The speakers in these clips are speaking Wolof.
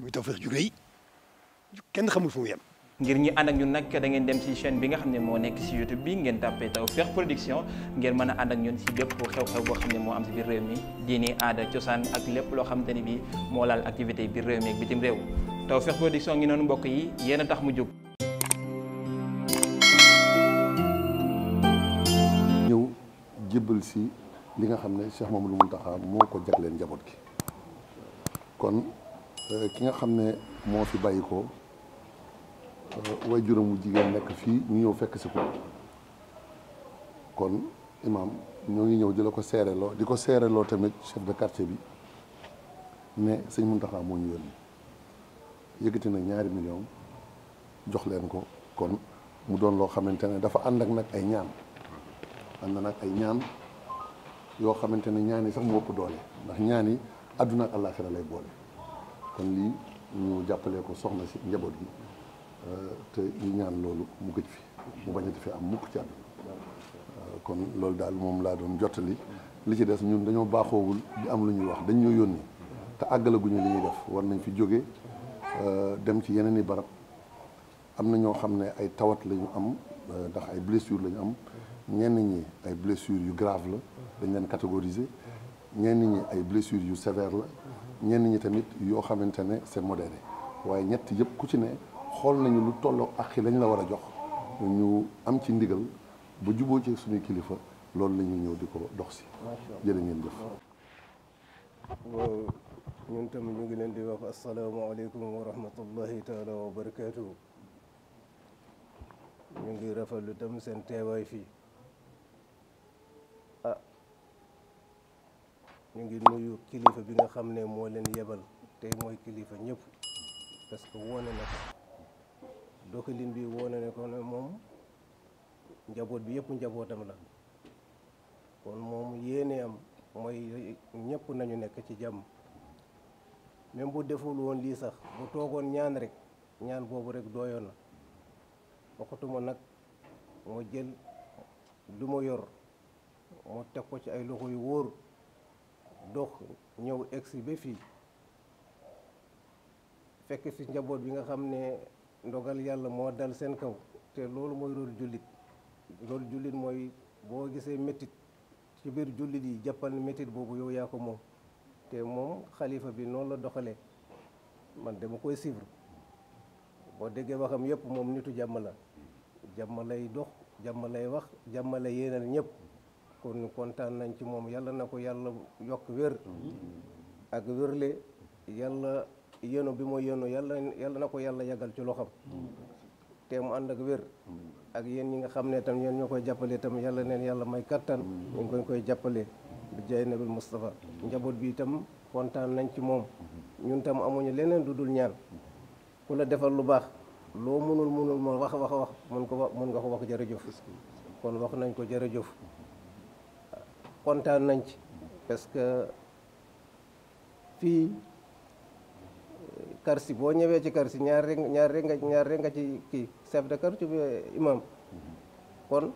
muy Tawfekh ju rëy kenn xamul fu mu ngir ñi ànd ak ñun nag da ngeen dem ci chaîne bi nga xam ne moo nekk ci YouTube bi ngeen taw Tawfekh Production ngeen mën a ànd ak ñun ci bépp xew-xew boo xam ne moo am ci biir réew mi diini aada cosaan ak lépp loo xamante ni bi moo laal activité biir réew mi ak bitim réew Tawfekh Production ngi noonu mbokk yi yéen a tax mu jóg. ñëw jébbal ci nga xam ne Cheikh Mamadou Mountakha moo ko jagleen njaboot gi kon. Euh, ki nga xam ne moo fi bàyyi ko euh, way juróom wu jigéen nekk fii mu ñëw fekk si ko kon imaam ñoo ngi ñëw di la ko seereloo di ko seereloo tamit chef de quartier bi ne sëñ Muntaxa moo ñu yónni yëkkati na ñaari million jox leen ko kon mu doon loo xamante ne dafa ànd ak nag ay ñaan ànd nag ay ñaan yoo xamante ne ñaani yi sax mu ëpp doole ndax ñaani yi àdduna ak àllaaxira lay boole kon lii ñu jàppalee ko soxna si njaboot gi euh, te ñu ñaan loolu mu gëj fi mu bañati fi am mukk ci euh, kon loolu daal moom laa doon jottali li ci des ñun dañoo baaxoowul di am lu ñuy wax dañ ñoo yónni te àggalaguñu li ñuy def war nañ fi jóge euh, dem ci yeneen i barab am na ñoo xam ne ay tawat lañu ñu am ndax ay blessure la am ñenn ñi ay blessure yu grave la dañ leen catégoriser ñeen ñi ay blessure yu sévère la ñenn ñi tamit yoo xamante ne c'est modéré waaye ñett yëpp ku ci ne xool nañu lu tolloo ak yi lañ la war a jox ñu am ci ndigal ba juboo ci suñuy kilifa loolu la ñuy ñëw di ko dox si. jërë ngeen jëf. ñun tam ñu ngi leen di wax asalaamaaleykum wa rahmatullahi taala wa barakaatu. ñu ngi rafetlu tam seen teewaay fii. ñu ngi nuyu kilifa bi nga xam ne moo leen yebal tey mooy kilifa ñëpp parce que woone na ko bi woone ne ko ne moom njaboot bi yëpp njabootam la kon moom yéene am mooy ñëpp nañu nekk ci jàmm même bu deful woon lii sax bu toogoon ñaan rek ñaan boobu rek dooyoon na waxatuma nag moo jël lu ma yor moo teg ko ci ay loxo yu wóor dox ñëw egsi ba fii fekk fi njaboot bi nga xam ne ndogal yàlla moo dal seen kaw te loolu mooy rôle jullit rôle jullit mooy boo gisee métit ci biir jullit yi jàppal métit boobu yow yaa ko moom te moom xalifa bi noonu la doxalee man dama koy suivre boo déggee waxam yëpp moom nitu jàmm la jàmm lay dox jàmm lay wax jàmm lay yéenal ñëpp kon kontaan nañ ci moom yàlla na ko yàlla yokk wér ak wérle yàlla yéno bi mooy yénu yàlla yàlla na ko yàlla yàggal ci loxam te mu ànd ak wér ak yéen ñi nga xam ne tam yéen ñoo koy jàppalee tam yàlla neen yàlla may kattan ñu ngi koy jàppale bi jaay nabil Moustapha njaboot bi itam kontaan nañ ci moom ñun tam amuñu leneen du dul ñaan ku la defal lu baax loo mënul mënul ma wax wax wax mën ko wax mën nga ko wax jërëjëf kon wax nañ ko jërëjëf kontaan nañ ci parce que fii karsi boo ñëwee ci karsi ñaar rek ñaar rek nga ñaar rek nga ci kii chef de quartier bi imam kon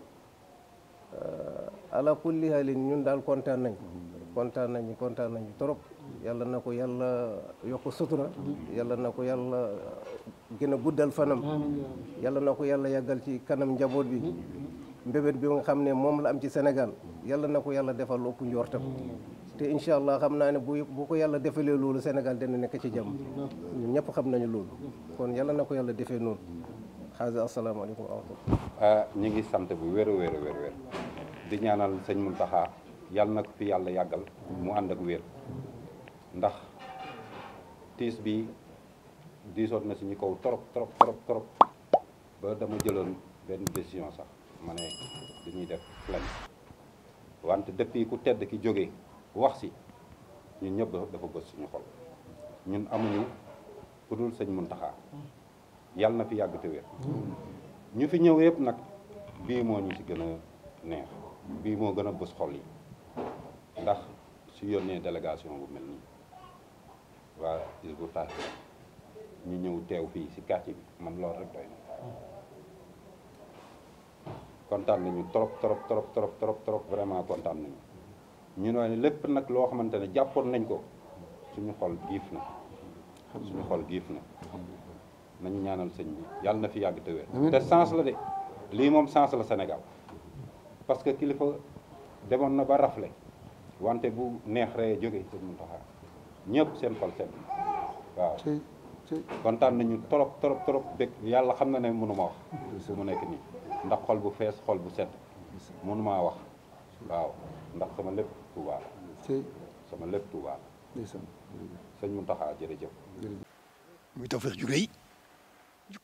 euh, ala kulli halin ñun daal kontaan nañ kontaan nañ kontaan nañ trop yàlla na ko yàlla yokk sutura yàlla na ko yàlla gën a guddal fanam yàlla na ko yàlla yàggal ci kanam njaboot bi mbébét bi nga xam ne moom la am ci senegal yàlla na ko yàlla defal lu ëpp njortam te incha allah xam naa ne bu bu ko yàlla defalee loolu Sénégal dana nekk ci jàmm ñun ñëpp xam nañu loolu kon yàlla na ko yàlla defee noonu xaasa asalaamaaleykum wa rahmatulah ah, ñu ngi sant bu wér di ñaanal sëñ Mountakha yàlla na ko fi yàlla yàggal mu ànd ak wér ndax tiis bi diisoon na suñu kaw trop trop trop trop ba dama jëloon benn décision sax ma ne dañuy def plan wante depuis ku tedd ki jógee wax si ñun ñëpp dafa gës suñu xol ñun amuñu ku dul sëñ Muntaxa yàlla na fi yàgg te wér ñu fi ñëw yëpp nag bii moo ñu ci gën a neex bii moo gën a bës xol yi ndax su yónnee délégation bu mel nii waa Hizbut Tarqiyyah ñu ñëw teew fii si quartier bi man loolu rek doy na kontaan nañu trop trop trop trop trop trop vraiment kontaan nañu ñu ne lépp nag loo xamante ne jàppoon nañ ko suñu xol giif na suñu xol giif na nañu ñaanal sëñ bi yàlla na fi yàgg te wér te sens la de lii moom sens la Sénégal parce que kilifa demoon na ba rafle wante bu neex ree jóge sëñ Mountakha ñëpp seen xol sedd waaw kontaan nañu trop trop trop dëgg yàlla xam na ne mënuma wax su mu nekk nii ndax xol bu fees xol bu set maa wax waaw ndax sama lépp Tuubaa la sama lépp Tuubaa la sëñ Muntaxa jërëjëf muy Tawfekh ju rëy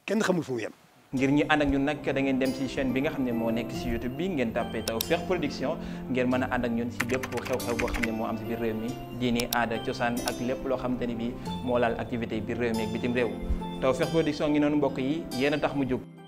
kenn xamul fu mu yem ngir ñi ànd ak ñun nag dangeen dem ci chaine bi nga xam ne moo nekk si YouTube bi ngeen tàppee Tawfekh Production ngeen mën a ànd ak ñun si bépp xew-xew boo xam ne moo am si biir réew mi diini aada cosaan ak lépp loo xamante ni bi moo laal activité biir réew mi ak bitim réew Tawfekh Production ngi noonu mbokk yi yéen tax